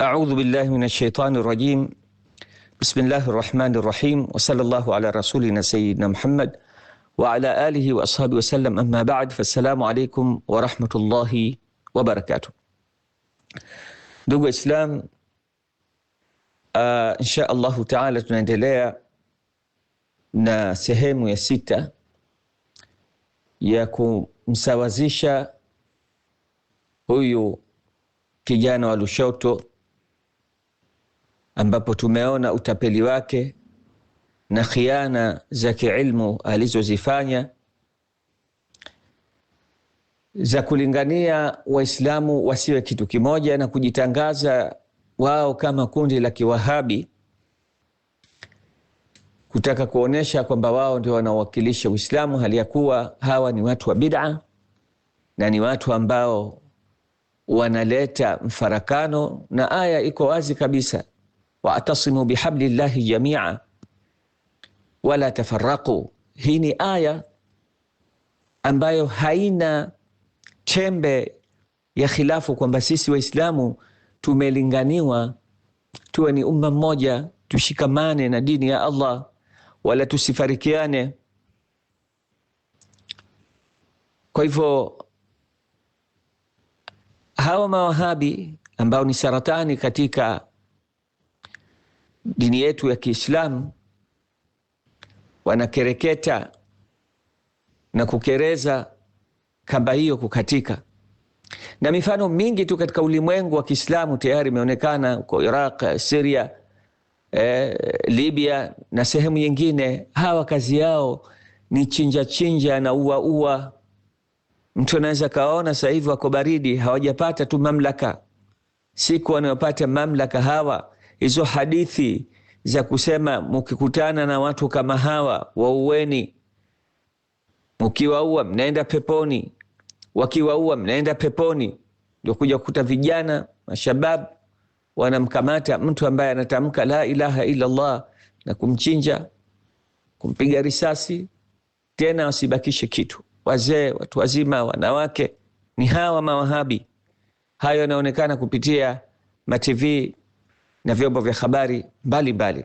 أعوذ بالله من الشيطان الرجيم بسم الله الرحمن الرحيم وصلى الله على رسولنا سيدنا محمد وعلى آله وأصحابه وسلم أما بعد فالسلام عليكم ورحمة الله وبركاته دوغو إسلام آه إن شاء الله تعالى tunaendelea نا سهيم يا ستة ya مساوزيشا هو kijana wa شوتو ambapo tumeona utapeli wake na khiana za kiilmu alizozifanya za kulingania Waislamu wasiwe kitu kimoja na kujitangaza wao kama kundi la Kiwahabi, kutaka kuonyesha kwamba wao ndio wanaowakilisha Uislamu hali ya kuwa hawa ni watu wa bid'a na ni watu ambao wanaleta mfarakano, na aya iko wazi kabisa watasimu bihabli llahi jamia wala tafaraqu. Hii ni aya ambayo haina chembe ya khilafu kwamba sisi Waislamu tumelinganiwa tuwe ni umma mmoja, tushikamane na dini ya Allah wala tusifarikiane. Kwa hivyo hawa mawahabi ambao ni saratani katika dini yetu ya Kiislamu wanakereketa na kukereza kamba hiyo kukatika, na mifano mingi tu katika ulimwengu wa Kiislamu tayari imeonekana huko Iraq, Syria, eh, Libya na sehemu nyingine. Hawa kazi yao ni chinja chinja na uaua ua. Mtu anaweza kaona sasa hivi wako baridi, hawajapata tu mamlaka. Siku wanayopata mamlaka hawa hizo hadithi za kusema mkikutana na watu kama hawa waueni, mkiwaua mnaenda peponi, wakiwaua mnaenda peponi. Ndio kuja kukuta vijana mashabab wanamkamata mtu ambaye anatamka la ilaha illa Allah na kumchinja, kumpiga risasi, tena wasibakishe kitu. Wazee, watu wazima, wanawake, ni hawa mawahabi. Hayo yanaonekana kupitia matv na vyombo vya habari mbalimbali.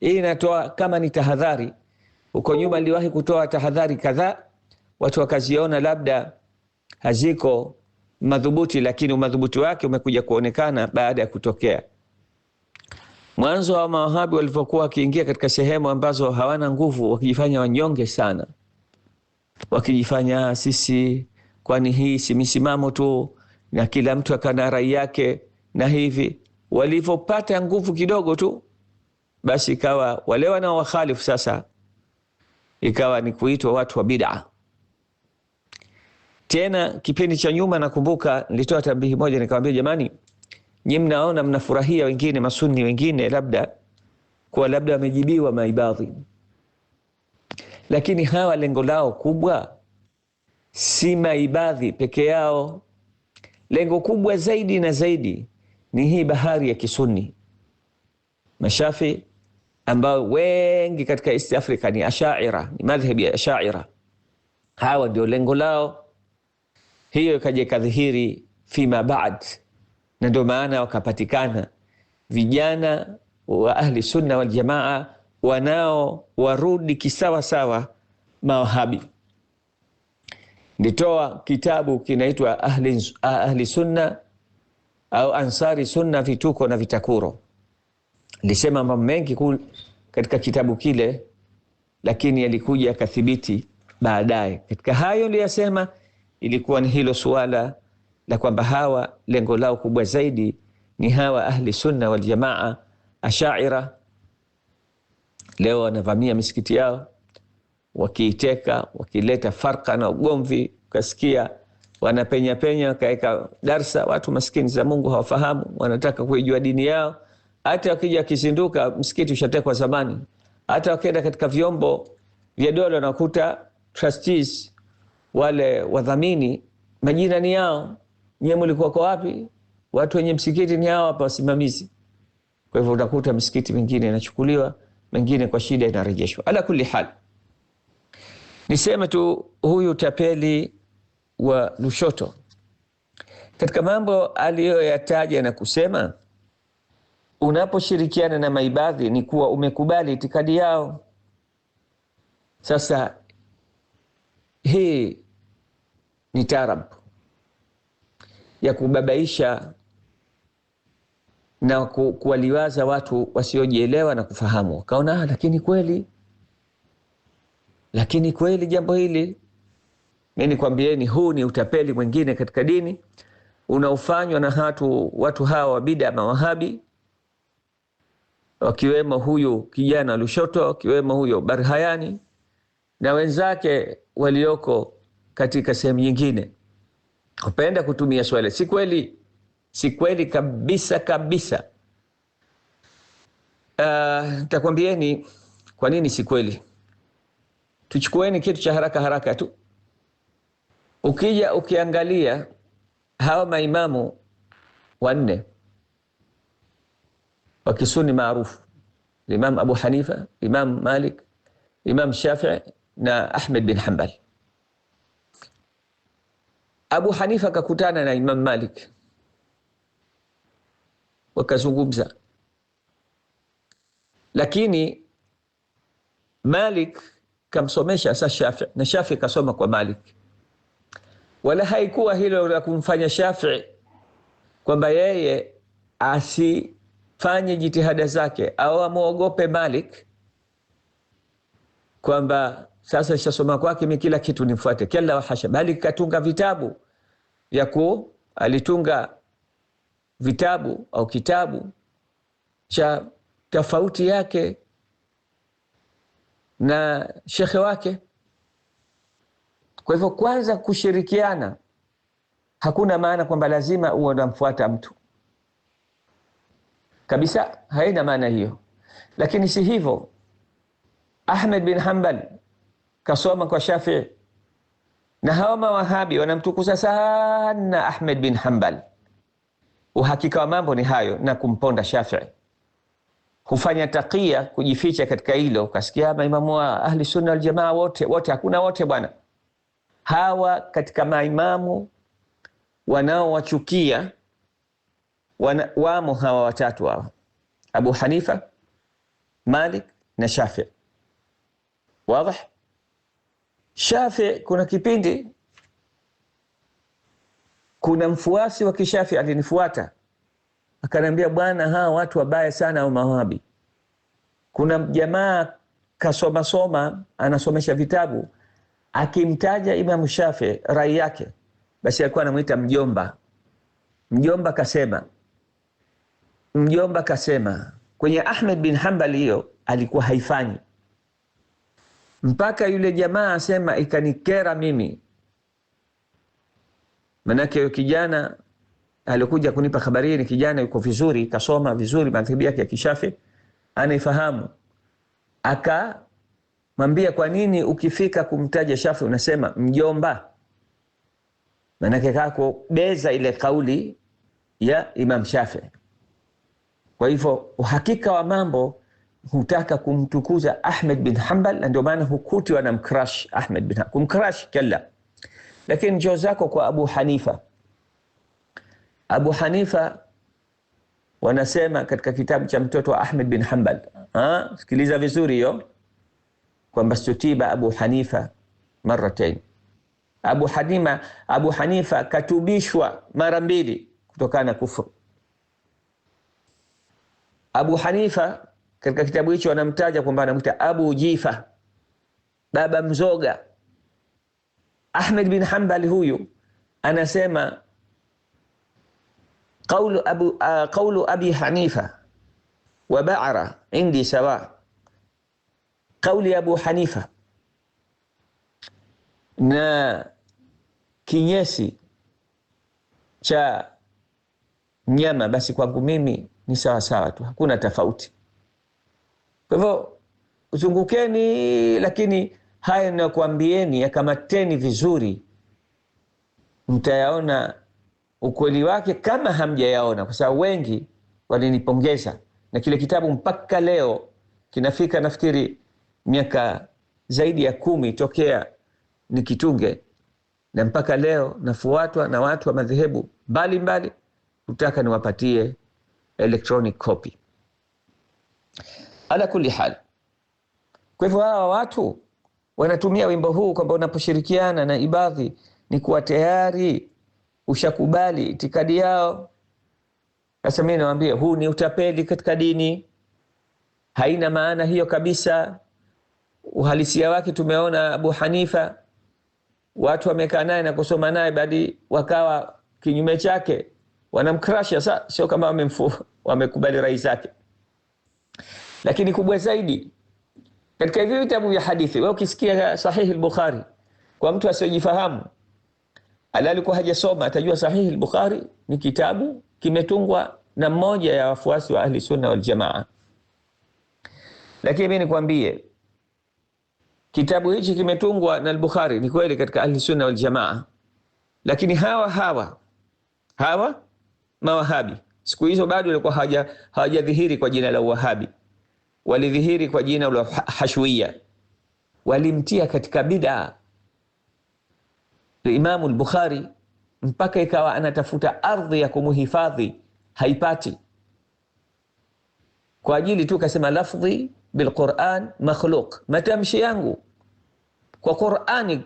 Hii inatoa kama ni tahadhari. Huko nyuma niliwahi kutoa tahadhari kadhaa, watu wakaziona labda haziko madhubuti, lakini umadhubuti wake umekuja kuonekana baada ya kutokea. Mwanzo wa mawahabi walivyokuwa wakiingia katika sehemu ambazo hawana nguvu, wakijifanya wanyonge sana, wakijifanya sisi, kwani hii si misimamo tu, na kila mtu akana rai yake na hivi walivyopata nguvu kidogo tu, basi ikawa wale wanao wakhalifu sasa, ikawa ni kuitwa watu wa bid'a. Tena kipindi cha nyuma, nakumbuka nilitoa tambihi moja, nikamwambia jamani, nyi mnaona mnafurahia wengine masuni wengine labda kuwa labda wamejibiwa maibadhi, lakini hawa lengo lao kubwa si maibadhi peke yao, lengo kubwa zaidi na zaidi ni hii bahari ya Kisuni. Mashafi ambao wengi katika East Africa ni Ashaira, ni madhhabi ya Ashaira, hawa ndio lengo lao. Hiyo ikaja ikadhihiri fima baad, na ndio maana wakapatikana vijana wa Ahli Sunna wal Jamaa wanao warudi kisawasawa mawahabi. Nditoa kitabu kinaitwa Ahli, Ahli Sunna au Ansari Sunna vituko na vitakuro. lisema mambo mengi katika kitabu kile, lakini yalikuja yakathibiti baadaye. Katika hayo niliyasema, ilikuwa ni hilo suala la kwamba hawa lengo lao kubwa zaidi ni hawa ahli sunna wal jamaa ashaira. Leo wanavamia misikiti yao wakiiteka, wakileta farka na ugomvi, ukasikia wanapenya penya, wakaweka darsa, watu maskini za Mungu hawafahamu, wanataka kuijua dini yao. Hata wakija wakizinduka, msikiti ushatekwa zamani. Hata wakienda katika vyombo vya dola, wanakuta trustees wale wadhamini majina ni yao. Nyewe mlikuwako wapi? Watu wenye msikiti ni hao hapa, wasimamizi. Kwa hivyo utakuta misikiti mingine inachukuliwa, mengine kwa shida inarejeshwa. Ala kuli hal, niseme tu huyu tapeli wa Lushoto katika mambo aliyoyataja na kusema, unaposhirikiana na maibadhi ni kuwa umekubali itikadi yao. Sasa hii ni tarab ya kubabaisha na kuwaliwaza watu wasiojielewa na kufahamu, wakaona ah, lakini kweli, lakini kweli jambo hili Mi nikwambieni, huu ni utapeli mwingine katika dini unaofanywa na hatu, watu hawa wabida mawahabi, wakiwemo huyu kijana Lushoto, wakiwemo huyo Barhayani na wenzake walioko katika sehemu nyingine, hupenda kutumia swala. Si kweli, si kweli kabisa kabisa. Ah, nitakwambieni uh, kwa nini si kweli. Tuchukueni kitu cha haraka haraka tu Ukija ukiangalia hawa maimamu wanne wa kisuni maarufu, Imam Abu Hanifa, Imam Malik, Imam Shafii na Ahmed bin Hanbal. Abu Hanifa akakutana na Imam Malik wakazungumza, lakini Malik kamsomesha sa Shafii na Shafii kasoma kwa Malik wala haikuwa hilo la kumfanya Shafii kwamba yeye asifanye jitihada zake au amwogope Malik kwamba sasa shasoma kwake mi kila kitu nimfuate, kila wahasha. Malik katunga vitabu ya ku alitunga vitabu au kitabu cha tofauti yake na shekhe wake. Kwa hivyo, kwanza kushirikiana, hakuna maana kwamba lazima uwe unamfuata mtu kabisa, haina maana hiyo. Lakini si hivyo, Ahmed bin Hanbal kasoma kwa Shafii na hawa mawahabi wanamtukuza sana Ahmed bin Hanbal. Uhakika wa mambo ni hayo, na kumponda Shafii hufanya takia kujificha katika hilo. Ukasikia maimamu wa ahli sunna waljamaa wote wote, hakuna wote bwana hawa katika maimamu wanaowachukia wana, wamo hawa watatu hawa Abu Hanifa, Malik na Shafi. wadh Shafi, kuna kipindi kuna mfuasi wa kishafi alinifuata akaniambia, bwana, hawa watu wabaya sana au mawahabi. Kuna jamaa kasomasoma anasomesha vitabu akimtaja Imam Shafi rai yake, basi alikuwa anamwita mjomba. Mjomba kasema, mjomba kasema. Kwenye Ahmed bin Hanbal hiyo alikuwa haifanyi mpaka yule jamaa asema ikanikera mimi. Manake yo kijana aliokuja kunipa habari hii ni kijana yuko vizuri, kasoma vizuri, madhehebu yake ya kishafi anaifahamu, aka mwambie kwa nini ukifika kumtaja Shafi unasema mjomba? Maanake kako beza ile kauli ya Imam Shafi. Kwa hivyo uhakika wa mambo hutaka kumtukuza Ahmed bin hambal na ndio maana hukuti wanamkrash Ahmed bin kumkrash Lakini njoo zako kwa Abu Hanifa. Abu Hanifa wanasema katika kitabu cha mtoto wa Ahmed bin Hanbal, ah, sikiliza vizuri hiyo kwamba sutiba Abu Hanifa maratain, Abu Hanima, Abu Hanifa katubishwa mara mbili kutokana na kufru. Abu Hanifa katika kitabu hicho anamtaja kwamba anamwita Abu Jifa, baba mzoga. Ahmed bin hambal huyu anasema qaulu, abu, uh, ah, qaulu abi Hanifa wa baara indi sawa kauli ya Abu Hanifa na kinyesi cha nyama, basi kwangu mimi ni sawa sawa tu, hakuna tofauti. Kwa hivyo zungukeni, lakini haya ninakuambieni, yakamateni vizuri, mtayaona ukweli wake kama hamjayaona, kwa sababu wengi walinipongeza na kile kitabu mpaka leo kinafika nafikiri miaka zaidi ya kumi tokea nikitunge na mpaka leo nafuatwa na watu wa madhehebu mbalimbali kutaka niwapatie electronic copy. Ala kuli hal, kwa hivyo hawa watu wanatumia wimbo huu kwamba unaposhirikiana na Ibadhi ni kuwa tayari ushakubali itikadi yao. Sasa mi nawambia huu ni utapeli katika dini, haina maana hiyo kabisa uhalisia wake tumeona Abu Hanifa watu wamekaa naye na kusoma naye, badi wakawa kinyume chake, wanamkrasha. Sa sio kama wamemfu wamekubali rai zake. Lakini kubwa zaidi katika hivyo vitabu vya hadithi, we ukisikia Sahihi lbukhari kwa mtu asiojifahamu ala hajasoma, atajua Sahihi lbukhari ni kitabu kimetungwa na mmoja ya wafuasi wa Ahli Sunna wal Lakini mi nikwambie Kitabu hichi kimetungwa na al-Bukhari, ni kweli katika ahli sunna wal jamaa, lakini hawa hawa hawa mawahabi siku hizo bado walikuwa hawajadhihiri kwa jina la Wahabi, walidhihiri kwa jina la Hashwiya, walimtia katika bid'a Imamu al-Bukhari mpaka ikawa anatafuta ardhi ya kumuhifadhi haipati, kwa ajili tu kasema lafdhi bilquran makhluq, matamshi yangu kwa Qurani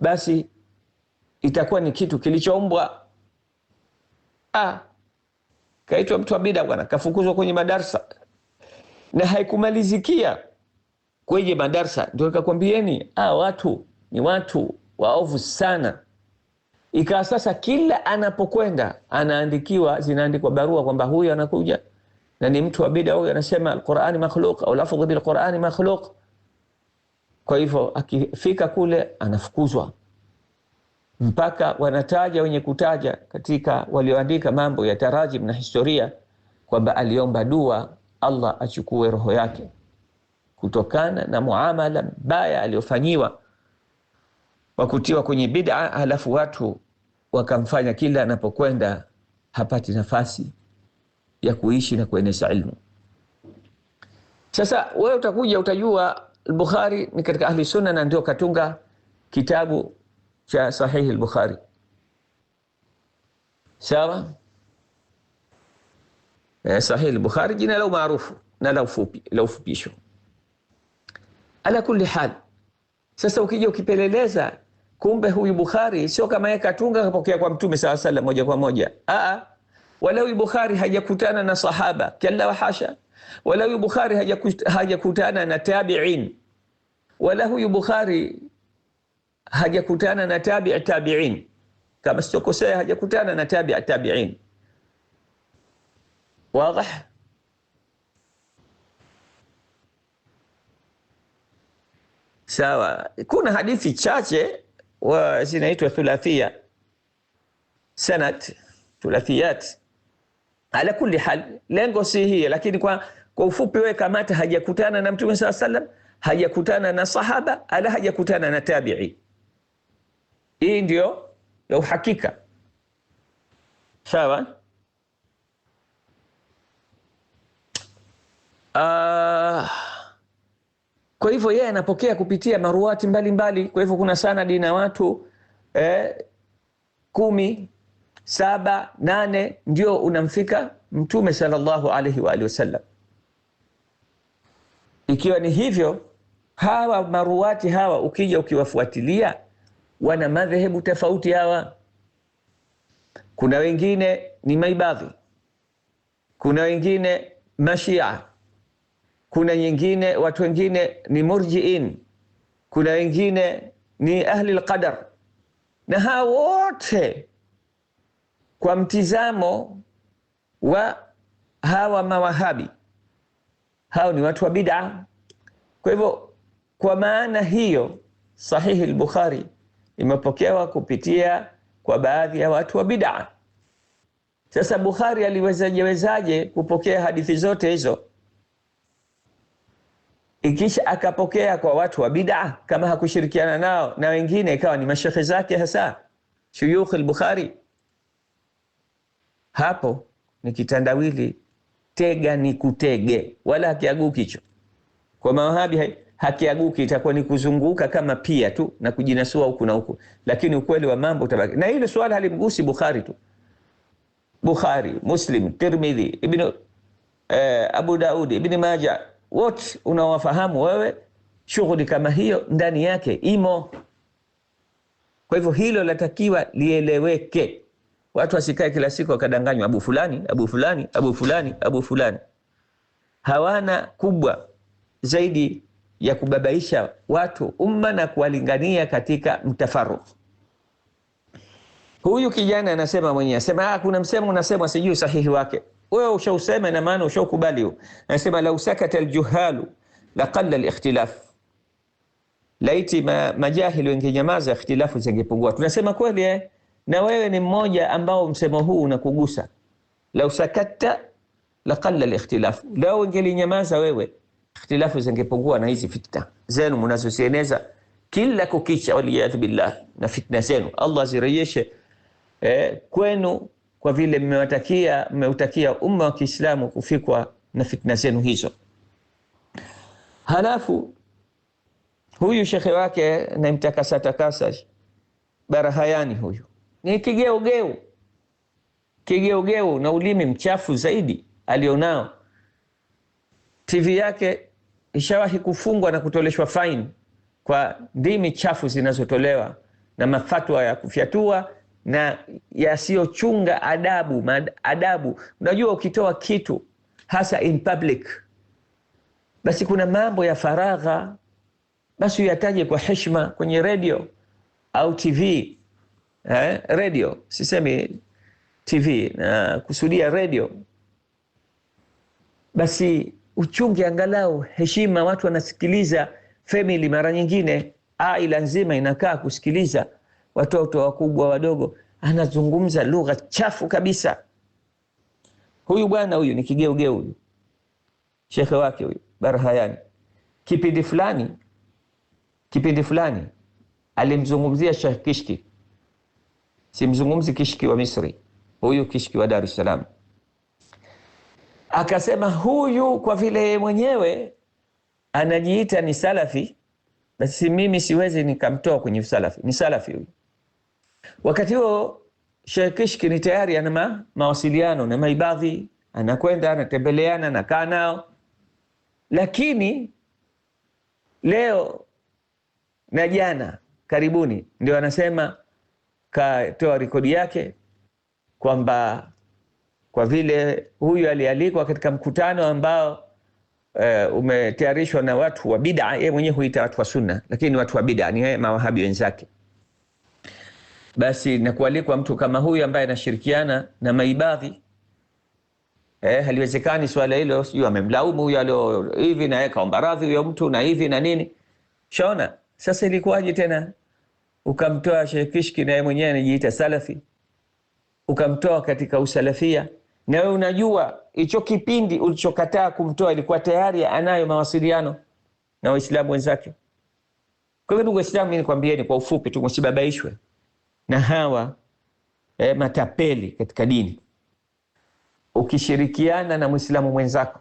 basi itakuwa ni kitu kilichoumbwa. Ah, kaitwa mtu wa bida bwana, kafukuzwa kwenye madarsa na haikumalizikia kwenye madarsa. Ndio nikakwambieni, ah, watu ni watu waovu sana. Ikawa sasa kila anapokwenda anaandikiwa, zinaandikwa barua kwamba huyu anakuja na ni mtu wa bid'a huyu anasema alqurani makhluq au lafdhi bilqurani makhluq. Kwa hivyo akifika kule anafukuzwa, mpaka wanataja wenye kutaja katika walioandika mambo ya tarajim na historia kwamba aliomba dua Allah achukue roho yake kutokana na muamala mbaya aliyofanyiwa wa kutiwa kwenye bid'a, halafu watu wakamfanya kila anapokwenda hapati nafasi ya kuishi na kueneza ilmu. Sasa wewe utakuja utajua al-Bukhari ni katika ahli sunna na ndio katunga kitabu cha sahihi al-Bukhari. Sawa? Eh, sahihi al-Bukhari jina lao maarufu na la ufupi la ufupisho. Ala kulli hal. Sasa ukija ukipeleleza kumbe huyu Bukhari sio kama yeye katunga kapokea kwa Mtume alaihi wasallam moja kwa moja. Aa, Walawi Bukhari hajakutana na sahaba, kalla wa hasha. Walawi Bukhari hajakutana na tabiin, wala huyu Bukhari hajakutana na tabi tabiin, kama sichokosea, hajakutana na tabi tabiin. Wadah. Sawa, kuna hadithi chache zinaitwa thulathia sanad, thulathiyat Ala kulli hal, lengo si hii, lakini kwa, kwa ufupi wewe kamata, hajakutana na Mtume saa sallam, hajakutana na sahaba, ala hajakutana na tabii. Hii ndio ya uhakika, sawa. Uh, kwa hivyo yeye anapokea kupitia maruati mbalimbali mbali. Kwa hivyo kuna sanadi na watu eh, kumi saba nane ndio unamfika Mtume salallahu alaihi waalihi wasallam. Ikiwa ni hivyo, hawa maruwati hawa ukija ukiwafuatilia, wana madhehebu tofauti hawa. Kuna wengine ni maibadhi, kuna wengine mashia, kuna nyingine watu wengine ni murjiin, kuna wengine ni ahli lqadar, na hawa wote kwa mtizamo wa hawa mawahabi, hao ni watu wa bid'a. Kwa hivyo, kwa maana hiyo, sahihi lbukhari imepokewa kupitia kwa baadhi ya watu wa bid'a. Sasa Bukhari aliwezajewezaje kupokea hadithi zote hizo ikisha akapokea kwa watu wa bid'a kama hakushirikiana nao na wengine, ikawa ni mashehe zake hasa shuyukh lbukhari hapo ni kitandawili, tega ni kutege, wala hakiaguki hicho. Kwa mawahabi hakiaguki, itakuwa ni kuzunguka kama pia tu na kujinasua huku na huku, lakini ukweli wa mambo utabaki. Na hilo swala halimgusi Bukhari tu, Bukhari, Muslim, Tirmidhi, Ibn eh, Abu Daudi, Ibn Maja, wote unawafahamu wewe. Shughuli kama hiyo ndani yake imo. Kwa hivyo hilo latakiwa lieleweke. Watu wasikae kila siku wakadanganywa, abu fulani, abu fulani, abu fulani, abu fulani. Hawana kubwa zaidi ya kubabaisha watu umma na kuwalingania katika mtafaru Huyu kijana anasema mwenyewe, asema ah, kuna msemo unasemwa, sijui sahihi wake, wewe ushausema na maana ushaukubali Anasema lau sakata aljuhalu la alikhtilaf, laiti ma, majahili wengenyamaza ikhtilafu zingepungua. Tunasema kweli eh? na wewe ni mmoja ambao msemo huu unakugusa. Lau sakatta laqalla alikhtilaf, lau ungelinyamaza wewe ikhtilafu zingepungua na hizi fitna zenu mnazozieneza kila kukicha, waliyadhu billah, na fitna zenu Allah zirejeshe eh, kwenu kwa vile mmewatakia mmeutakia umma wa Kiislamu kufikwa na fitna zenu hizo. Halafu huyu shekhe wake eh, naimtakasa takasa Barahayani huyu ni kigeugeu, kigeugeu na ulimi mchafu zaidi alionao. TV yake ishawahi kufungwa na kutoleshwa faini kwa ndimi chafu zinazotolewa na mafatwa ya kufyatua na yasiyochunga adabu mad, adabu. Unajua, ukitoa kitu hasa in public, basi kuna mambo ya faragha, basi uyataje kwa heshma kwenye redio au TV eh, radio sisemi TV na kusudia radio, basi uchungi angalau heshima. Watu wanasikiliza, famili mara nyingine aila nzima inakaa kusikiliza, watoto wakubwa wadogo, anazungumza lugha chafu kabisa. Huyu bwana huyu ni kigeugeu huyu, shekhe wake huyu Barhayani, kipindi fulani kipindi fulani alimzungumzia shekh Kishki simzungumzi kishki wa Misri, huyu kishki wa Dar es Salaam. Akasema huyu kwa vile mwenyewe anajiita ni salafi, basi mimi siwezi nikamtoa kwenye salafi ni salafi huyu. Wakati huo Sheikh Kishki ni tayari ana ma, mawasiliano na maibadhi, anakwenda anatembeleana, anakaa nao. Lakini leo na jana karibuni ndio anasema katoa rekodi yake kwamba kwa vile huyu alialikwa katika mkutano ambao uh, umetayarishwa na watu wa bid'a, yeye mwenyewe huita watu wa sunna, lakini watu wa bid'a ni mawahabi wenzake. Basi na kualikwa mtu kama huyu ambaye anashirikiana na maibadhi eh, haliwezekani swala hilo, sijui amemlaumu huyo alio hivi, naye kaomba radhi huyo mtu na hivi na nini, shaona sasa ilikuwaje tena ukamtoa Sheikh Kishki naye mwenyewe anajiita salafi, ukamtoa katika usalafia, na wewe unajua hicho kipindi ulichokataa kumtoa ilikuwa tayari anayo mawasiliano na Waislamu wenzake. Kwa hivyo, ndugu Waislamu, mimi nikwambieni kwa ufupi tu, msibabaishwe na hawa eh, matapeli katika dini. Ukishirikiana na mwislamu mwenzako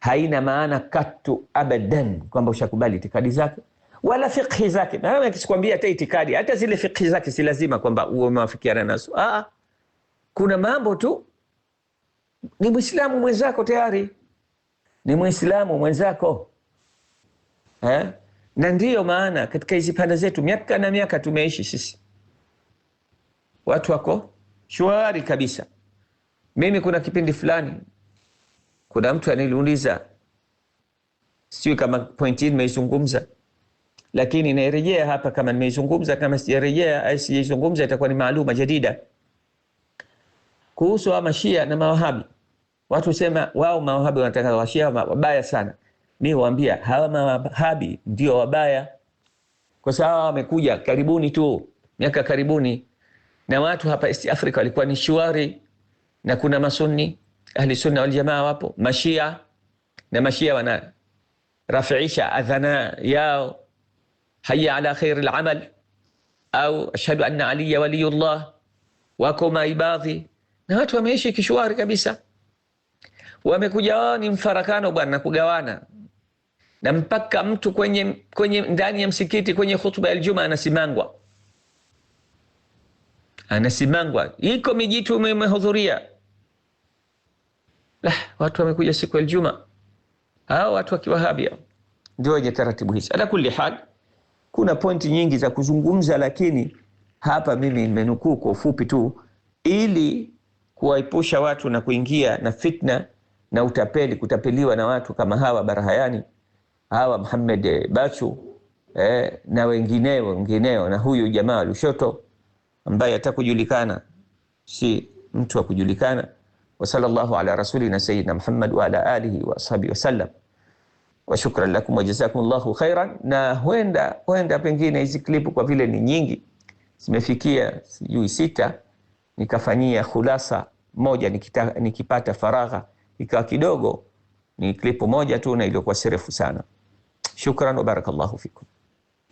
haina maana katu abadan kwamba ushakubali itikadi zake wala fikhi zake. Maana kisikwambia hata itikadi, hata zile fikhi zake si lazima kwamba uwe umewafikiana nazo. Ah, kuna mambo tu ni Muislamu mwenzako tayari, ni Muislamu mwenzako eh? Na ndiyo maana katika hizi pande zetu miaka na miaka tumeishi sisi, watu wako shwari kabisa. Mimi kuna kipindi fulani, kuna mtu aniliuliza, sijui kama pointi hii nimeizungumza lakini inairejea hapa, kama nimeizungumza, kama sijarejea au sijaizungumza, itakuwa ni maaluma jadida kuhusu wa mashia na mawahabi. Watu husema wao mawahabi wanataka washia wabaya sana. Mi huambia hawa mawahabi ndio wabaya, kwa sababu hawa wamekuja karibuni tu, miaka karibuni, na watu hapa East Africa walikuwa ni shuari, na kuna masunni ahli sunna waljamaa wapo, mashia na mashia wanarafiisha adhana yao هيا على خير العمل au ashhadu anna علي ولي الله maibadhi na watu wameishi kishwari kabisa, wamekuja oh, ni mfarakano bwana, kugawana na mpaka mtu kwenye, kwenye ndani ya msikiti kwenye khutba ya Ijumaa anasimangwa anasimangwa. Iko mijitu imehudhuria, la watu wamekuja siku ya Ijumaa, hao watu wakiwahabia ndio wenye taratibu hizi. Ala kulli kuna pointi nyingi za kuzungumza, lakini hapa mimi nimenukuu kwa ufupi tu, ili kuwaepusha watu na kuingia na fitna na utapeli, kutapeliwa na watu kama hawa Barahayani, hawa Muhammad Bachu eh, na wengineo wengineo, na huyu jamaa wa Lushoto ambaye atakujulikana, si mtu wa kujulikana. Wa sallallahu ala rasulina sayyidina Muhammad wa ala alihi wa ashabihi wasallam wa shukran lakum wa llahu khairan. Na huenda huenda pengine hizi klipu kwa vile ni nyingi zimefikia sijui sita, nikafanyia khulasa moja nikita, nikipata faragha ikawa kidogo, ni klipu moja tu na iliyokuwa serefu sana. Shukran wa barakallahu fikum.